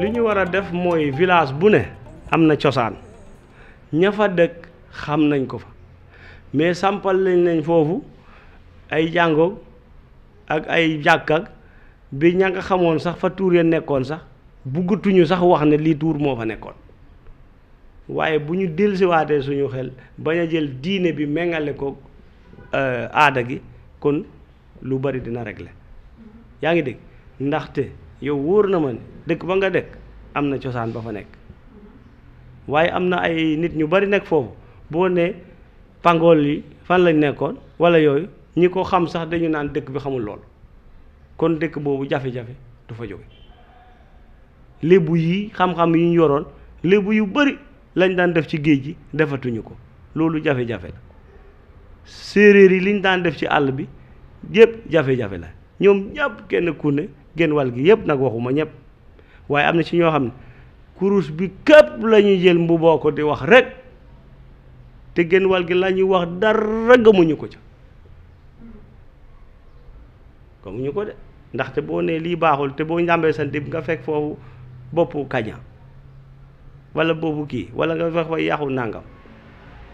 li ñu war a def mooy village bu ne am na cosaan ña fa dëkk xam nañ ko fa mais sampal lañ nañ foofu ay jàngoog ak ay jàkkak bi ña nga xamoon sax fa tuur ya nekkoon sax buggatuñu sax wax ne lii tuur moo fa nekkoon waaye bu ñu dellusiwaatee suñu xel bañ a jël diine bi méngale ko euh, aada gi kon lu bari dina régler yaa ngi dégg ndaxte yow wóor na ma ne dëkk ba nga dëkk am na cosaan ba fa nekk waaye am na ay nit ñu bari nekk foofu boo nee pangool yi fan lañ nekkoon wala yooyu ñi ko xam sax dañu naan dëkk bi xamul loolu kon dëkk boobu jafe-jafe du fa jóge lébu yi xam-xam yi ñu yoroon lébu yu bari lañ daan def ci géej gi defatuñu ko loolu jafe-jafe la séeréer yi liñ daan def ci àll bi yépp jafe-jafe la ñoom ñàpp kenn ku ne génn wàll gi yëpp nag waxuma ñëpp waaye am na ci ñoo xam ne kurus bi këpp lañuy jël mbuboo ko di wax rek te génn wal gi la ñuy wax dara gëmuñu ko ca gëmuñu ko de ndaxte boo nee lii baaxul te boo njàmbee sa ndib nga fekk foofu boppu kaña walla boobu kii wala nga fekk fa yàqu nàngam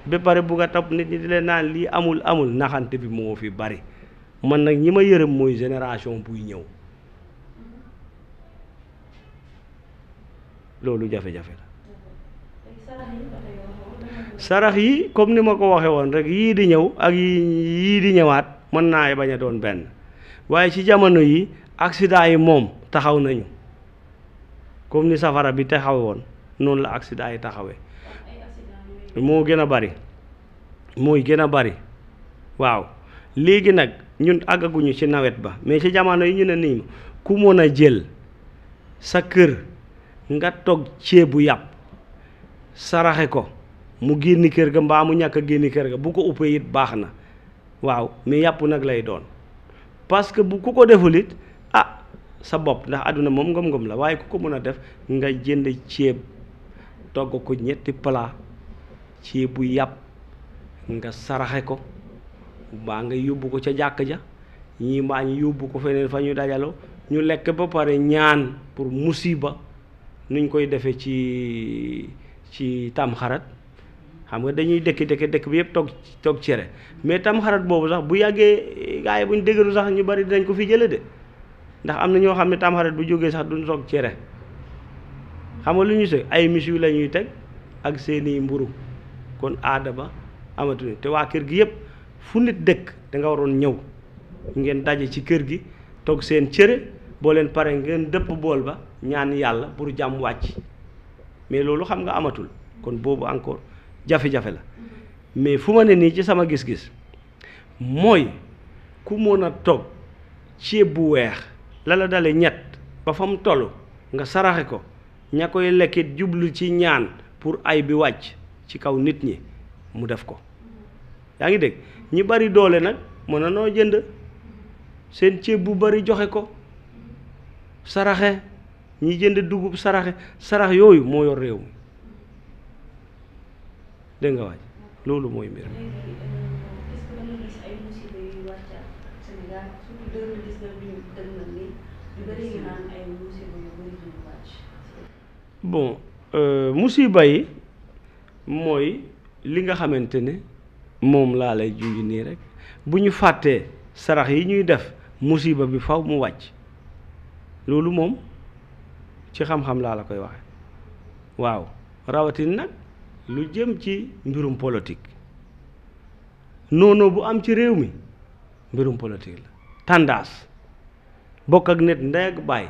ba pare bugg a topp nit ñi di leen naan lii amul amul naxante bi moo fi bari man nag ñi ma yërëm mooy génération buy ñëw loolu jafe-jafe la sarax yi comme ni ma ko waxe woon rek yii di ñëw ak yii di ñëwaat mën naa bañ a doon benn waaye ci jamono yi accident yi moom taxaw nañu comme ni safara bi taxaw woon noonu la accident yi taxawee moo gën a bari mooy gën a bari waaw léegi nag ñun àggaguñu ci nawet ba mais ci jamono yi ñu ne nii ku mën a jël sa kër nga togg ceebu yàpp saraxe ko mu génn kër ga mbaa mu ñàkk génn kër ga bu ko uppee it baax na waaw mais yàpp nag lay doon parce que bu ku ko deful it ah sa bopp ndax àdduna moom ngom-ngom la waaye ku ko mën a def nga jënd ceeb togg ko ñetti plat ceebu yàpp nga saraxe ko baa nga yóbbu ko ca jàkk ja ñii mbaa ñu yóbbu ko feneen fa ñu dajaloo ñu lekk ba pare ñaan pour musiba nuñ koy defee ci ci tamxarat xam nga dañuy dëkk dëkk dëkk bi yëpp toog toog cere mais tamxarat boobu sax bu yàggee gars yi buñ déglu sax ñu bari dinañ ko fi jële de ndax am na ñoo xam ne tamxarat bu jógee sax duñ toog cere xam nga lu ñu se ay mis yu la ñuy teg ak seeni mburu kon aada ba amatuñu te waa kër gi yëpp fu nit dëkk da nga waroon ñëw ngeen daje ci kër gi toog seen cere booleen leen pare ngeen dëpp bool ba ñaan yàlla pour jàmm wàcc mais loolu xam nga amatul kon boobu encore jafe-jafe la mais fu ma ne nii ci sama gis-gis mooy ku mën a toog ceeb bu weex la la dale ñett ba fa mu toll nga saraxe ko ña koy lekkit jublu ci ñaan pour ay bi wàcc ci kaw nit ñi mu def ko yaa ngi dégg ñi bari doole nag mën na noo jënd seen ceeb bu bari joxe ko saraxe ñi jënd dugub saraxe sarax yooyu moo yor réew mi dégg nga waaj loolu mooy mbir bon euh, musiba yi mooy li nga xamante ne moom laa lay junj nii rek bu ñu fàttee sarax yi ñuy def musiba bi faw mu wàcc loolu moom ci xam-xam laa la koy waxe waaw rawatin nag lu jëm ci mbirum polotik noonu bu am ci réew mi mbirum politique la tàndaas bokk ak nit ndey ak baay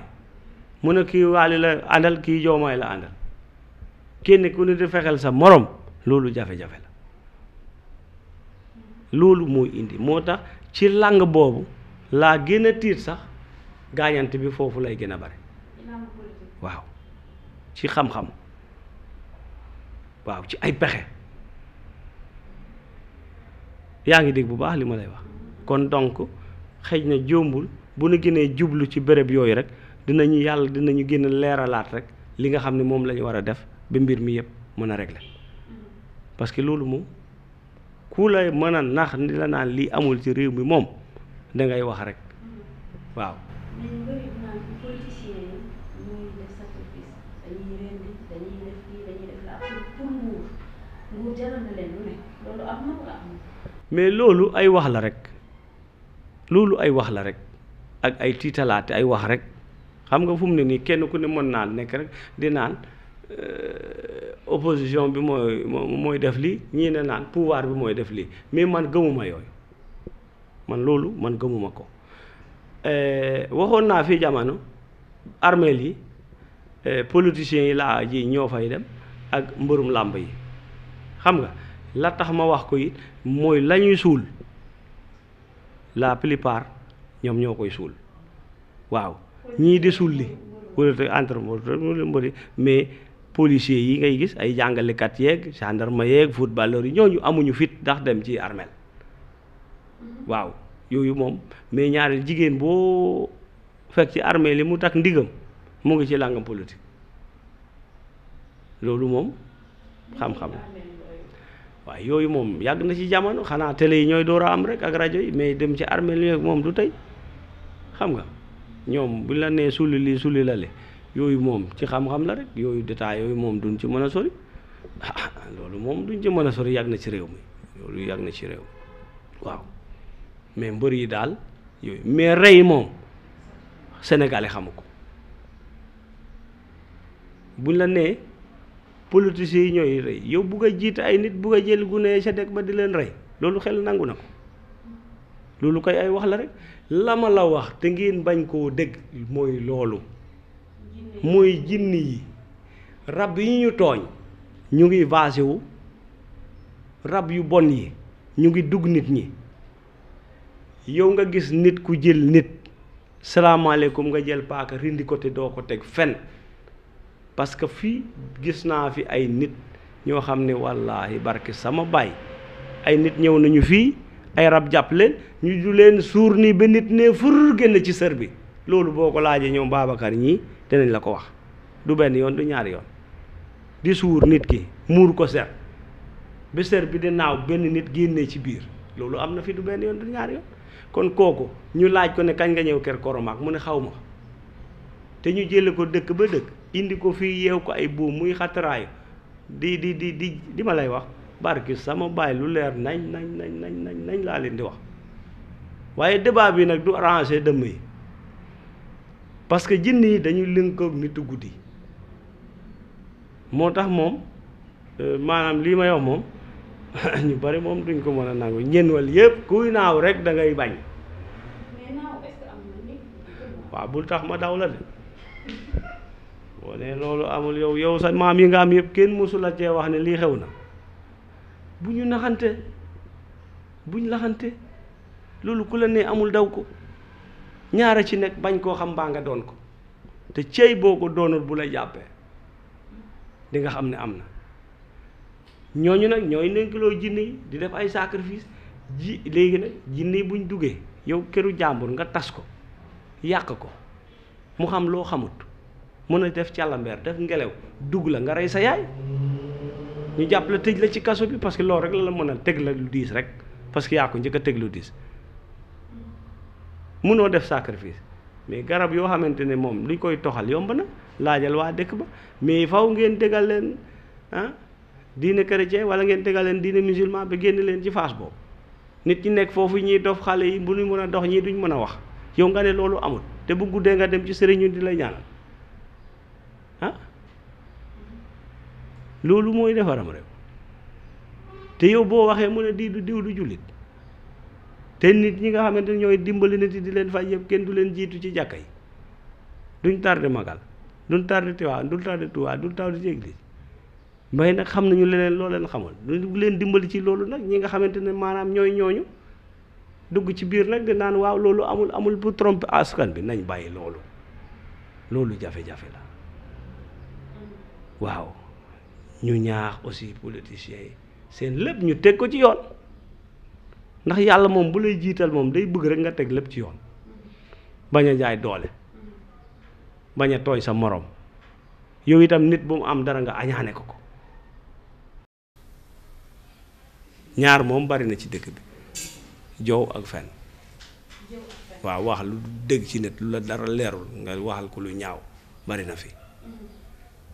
mu ne kii waali la àndal kii joomaay la àndal kenn ku ne di fexeel sa morom loolu jafe-jafe la loolu mooy indi moo tax ci làng boobu laa gën a tiit sax gaañante bi foofu lay gën a bare waaw ci xam-xam waaw ci ay pexe yaa ngi dégg bu baax li ma lay wax kon donc xëj na jombul bu nu gënee jublu ci bërëb yooyu rek dinañu yàlla dinañu gën a leeralaat rek li nga xam ne moom lañu ñu war a def ba mbir mi yëpp mën a régler parce que loolu moom ku lay mën a nax ni la naan lii amul ci réew mi moom dangay ngay wax rek waaw mais loolu ay wax la rek loolu ay wax la rek ak ay tiitalaate ay wax rek xam nga fu ne nii kenn ku ne mën naa nekk rek di naan euh, opposition bi mooy mooy def lii ñii ne naan pouvoir bi mooy def lii mais man gëmuma yooyu man loolu man gëmuma ko Eh, waxoon naa fi jamono armeel yi eh, politiciens yi laa ji ñoo fay dem ak mbërum làmb yi xam nga la tax ma wax ko it mooy lañuy suul la plupart ñoom ñoo koy suul waaw ñii di suul li wala te entre mbëri mais policiers yi ngay gis ay jàngalekat yeeg gendarme yeeg footballeur yi ñooñu amuñu fit ndax dem ci armeel waaw yooyu moom mais ñaari jigéen boo fekk ci armée li mu takk ndigam mu ngi ci làngam politique loolu moom xam-xam la waaye yooyu moom yàgg na ci jamono xanaa télé yi ñooy door a am rek ak rajo yi mais dem ci armée li moom du tey xam nga ñoom buñ la nee sulli yooyu moom ci xam-xam la rek yooyu détail yooyu moom duñ ci mën a sori loolu moom duñ ci mën a sori yàgg na ci réew mi loolu yàgg na ci réew waaw mais mbër yi daal mais rey moom sénégalais xamu ko buñ la nee politiciens yi ñooy rey yow bugg a jiit ay nit bugg a jël gune sa dëkk ba di leen rey loolu xel nangu na ko loolu koy ay wax la rek la ma la wax te ngeen bañ koo dégg mooy loolu mooy jinni yi rab yi ñu tooñ ñu ngi vaase wu rab yu bon yi ñu ngi dugg nit ñi yow nga gis nit ku jël nit salaamaaleykum nga jël paaka rindi ko te doo ko teg fen parce que fii gis naa fi ay nit ñoo xam ne wallaahi barke sama bay. ay nit ñëw nañu fii ay rab jàpp leen ñu du leen suur nii ba nit ne fur génn ci sër bi loolu boo ko laajee ñoom Babacar ñii dinañ la ko wax du benn yoon du ñaari yoon di suur nit ki muur ko ser bi ser bi di naaw benn nit gin ci biir loolu am na fi du benn yoon du ñaari yoon kon kooku ñu laaj ko ne kañ nga ñew kër koromak mu ne xawma te ñu jël ko dëkk ba dëkk indi ko fi yew ko ay bu muy xatraay di di di di di ma lay wax barki sama bay lu leer nañ nañ nañ nañ nañ nañ la leen di wax waye débat bi nak du arrangé de yi parce que jinn yi dañu lënkoog nitu gudi moo tax moom euh, manam li may wax mom ñu bari moom duñ ko mën a nangu ñen wal yépp kuy naaw rek da ngay bañ waaw bul tax ma daw la de boo ne loolu amul yow yow sa maam yi nga am yëpp kenn mësu a cee wax ne lii xew na bu ñu naxante buñ laxante loolu ku la ne amul daw ko ñaara ci nekk bañ koo xam baa nga doon ko te cey boo ko doonul bu la jàppee di nga xam ne am na ñooñu nag ñooy nënkaloo jinne yi di def ay sacrifice ji léegi nag jinne yi buñ duggee yow këru jàmbur nga tas ko yàq ko mu xam loo xamut mën a def càllambeer def ngelaw dugg la nga rey sa yaay ñu jàpp la tëj la ci kaso bi parce que loolu rek la la mën a teg la lu diis rek parce que yaa ko njëkk a teg lu diis mënoo def sacrifice mais garab yoo xamante ne moom li koy toxal yomb na laajal waa dëkk ba mais faw ngeen déggal leen ah, diine chrétien wala ngeen tegal leen diine musulman ba génne leen ci fas boobu nit ñi nekk foofu ñiy dof xale yi bu ñu mën a dox ñii duñ mën a wax yow nga ne loolu amul te bu guddee nga dem ci sëriñ ñu di lay ñaanal ah loolu mooy defaram réew te yow boo waxee mu ne di du diw du jullit te nit ñi nga xamante ne ñooy dimbali nit yi di leen faj yëpp kenn du leen jiitu ci jàkka yi duñ tardé magal duñ tardé tiwaa duñ tardé tuwaa duñ tardé ci église may nak xam nañu leneen loo leen xamal du leen dimbali ci loolu nag ñi nga xamantene ne maanaam ñooy ñooñu dugg ci biir nag di naan waaw loolu amul amul bu trompe askan bi nañ bàyyi loolu loolu jafe-jafe la waaw ñu ñaax aussi politiciens yi seen lépp ñu teg ko ci yoon ndax yàlla moom bu lay jiital moom day bëgg rek nga teg lépp ci yoon bañ a jaay doole bañ a tooy sa morom yow itam nit bu mu am dara nga añaane ko ko ñaar moom bari na ci dëkk bi jow ak fen waaw wax lu dëgg ci nit lu la dara leerul nga waxal ko lu ñaaw bari na fi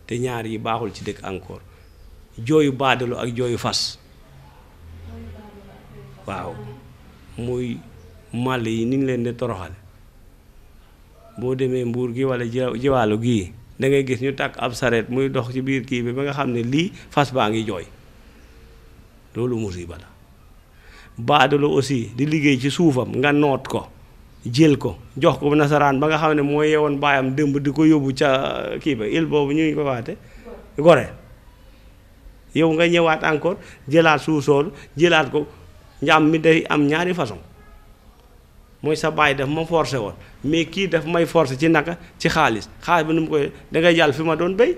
te ñaar yi baaxul ci dëkk encore jooyu baadalu ak jooyu fas waaw muy mal yi ni ngi leen di toroxal boo demee mbuur gi wala jiwaalu gii dangay gis ñu tàkk ab sareet muy dox ci biir kii bi ba nga xam ne lii fas baa ngi jooy loolu musiba la aussi di liggéey ci suufam nga noot ko jël ko jox ko nasaraan ba nga xam ne moo yeewoon baayam démb di ko yóbbu ca uh, kii ba il boobu ñuy ko waate gore yow nga ñëwaat encore jëlaat suuf soolu jëlaat ko njaam mi day am ñaari façon mooy sa baay daf ma forcé woon mais kii daf may forcé ci naka ci xaalis xaalis bi nu mu koy dangay jàll fi ma doon béy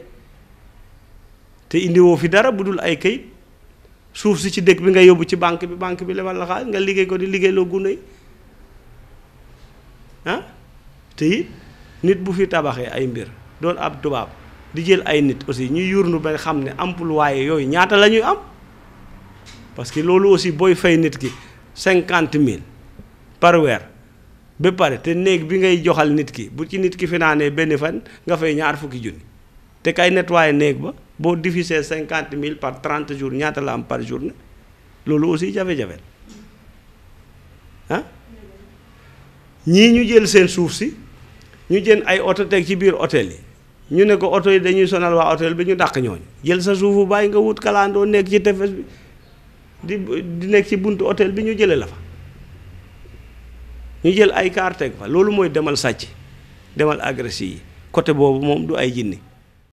te indiwoo fi dara bu dul ay këyit suuf si ci dëkk bi nga yóbbu ci banque bi banque bi lebal la xaal nga liggéey ko di liggéey loo yi ah te it nit bu fi tabaxee ay mbir doon ab tubaab di jël ay nit aussi ñuy yurnu ba xam ne employé yooyu ñaata la ñuy am parce que loolu aussi booy fay nit ki cinquante mille par weer ba pare te néeg bi ngay joxal nit ki bu ci nit ki finaanee benn fan nga fay ñaar fukki junni te kay nettoyé néeg ba bo divisé 50000 par 30 jours ñaata la am par jour lolu aussi jafe-jafe hein ñi ñu jël sen souf si ñu jën ay auto tek ci biir hôtel yi ñu ne ko auto yi dañuy sonal wa hôtel bi ñu dakk ñooñu jël sa suufu bay nga wut kalando nek ci tefes bi di di nek ci buntu hôtel bi ñu jëlee la fa ñu jël ay carte fa lolu moy demal sàcc demal agressif côté bobu mom du ay jinni